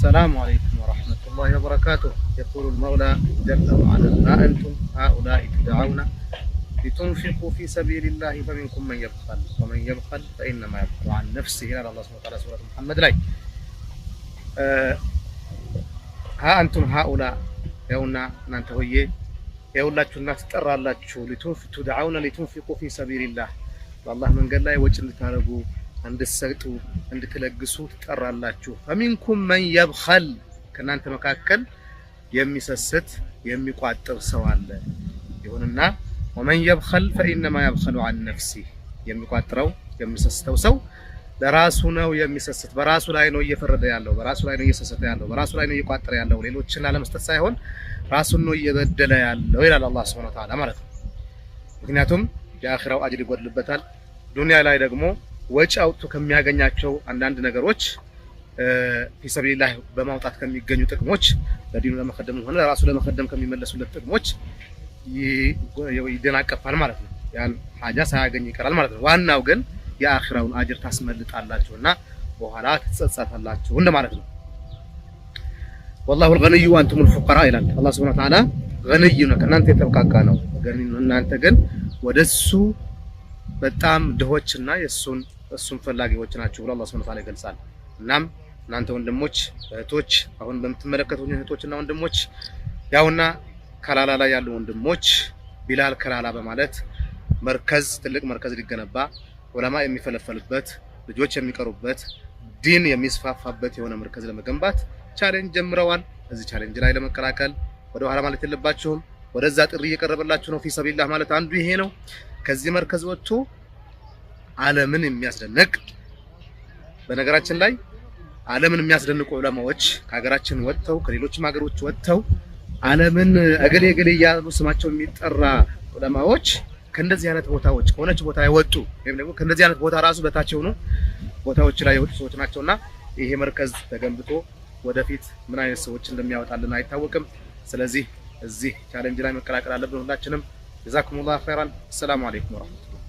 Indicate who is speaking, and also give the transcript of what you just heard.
Speaker 1: السلام عليكم ورحمة الله وبركاته يقول المولى جل وعلا ها أنتم هؤلاء تدعون لتنفقوا في سبيل الله فمنكم من يبخل ومن يبخل فإنما يبخل عن نفسه قال الله سبحانه وتعالى سورة محمد لاي آه، ها أنتم هؤلاء يونا እናንተ ሆዬ የሁላችሁና ትጠራላችሁ لتنفقوا في سبيل الله ሰቢልላህ من قال لا يوجد እንድታደርጉ እንድትሰጡ እንድትለግሱ ትጠራላችሁ። ፈሚንኩም መን የብኸል ከእናንተ መካከል የሚሰስት የሚቋጥር ሰው አለ። ይሁንና ወመን የብኸል ፈኢነማ የብኸሉ አን ነፍሲ የሚቋጥረው የሚሰስተው ሰው ለራሱ ነው የሚሰስት። በራሱ ላይ ነው እየፈረደ ያለው፣ በራሱ ላይ ነው እየሰሰተ ያለው፣ በራሱ ላይ ነው እየቋጠረ ያለው። ሌሎችን ላለመስጠት ሳይሆን ራሱን ነው እየበደለ ያለው ይላል አላህ ሱብሓነሁ ወተዓላ ማለት ነው። ምክንያቱም የአኺራው አጅር ይጎድልበታል፣ ዱንያ ላይ ደግሞ ወጪ አውጥቶ ከሚያገኛቸው አንዳንድ ነገሮች ፊሰቢልላህ በማውጣት ከሚገኙ ጥቅሞች ለዲኑ ለመከደም ሆነ ለራሱ ለመከደም ከሚመለሱለት ጥቅሞች ይደናቀፋል ማለት ነው። ያን ሀጃ ሳያገኝ ይቀራል ማለት ነው። ዋናው ግን የአኺራውን አጅር ታስመልጣላችሁና በኋላ ትጸጸታላችሁ እንደማለት ነው። ወላሁ አልገኒዩ ወአንቱሙል ፉቀራ ይላል አላህ ሱብሓነሁ ወተዓላ ገኒዩ ነው፣ ከእናንተ የተብቃቃ ነው። እናንተ ግን ወደሱ በጣም ድሆችና የእሱን እሱም ፈላጊዎች ናቸው ብሎ አላህ ሱብሓነሁ ወተዓላ ይገልጻል። እናም እናንተ ወንድሞች እህቶች፣ አሁን በምትመለከቱኝ እህቶችና ወንድሞች ያውና ከላላ ላይ ያሉ ወንድሞች ቢላል ከላላ በማለት መርከዝ ትልቅ መርከዝ ሊገነባ ዑለማ የሚፈለፈሉበት ልጆች የሚቀሩበት ዲን የሚስፋፋበት የሆነ መርከዝ ለመገንባት ቻሌንጅ ጀምረዋል። እዚህ ቻሌንጅ ላይ ለመቀላቀል ወደ ኋላ ማለት የለባችሁም። ወደዛ ጥሪ እየቀረበላችሁ ነው። ፊ ሰቢላህ ማለት አንዱ ይሄ ነው። ከዚህ መርከዝ ወጥቶ ዓለምን የሚያስደንቅ በነገራችን ላይ ዓለምን የሚያስደንቁ ዑለማዎች ከሀገራችን ወጥተው ከሌሎችም ሀገሮች ወጥተው ዓለምን እገሌ እገሌ እያሉ ስማቸው የሚጠራ ዑለማዎች ከእንደዚህ አይነት ቦታዎች ከሆነች ቦታ የወጡ ወይም ደግሞ ከእንደዚህ አይነት ቦታ ራሱ በታች የሆኑ ቦታዎች ላይ የወጡ ሰዎች ናቸውና ይሄ መርከዝ ተገንብቶ ወደፊት ምን አይነት ሰዎች እንደሚያወጣልን አይታወቅም። ስለዚህ እዚህ ቻሌንጅ ላይ መቀላቀል አለብን ሁላችንም። ጀዛኩሙላህ ኸይራን። አሰላሙ አለይኩም ወራህመቱላህ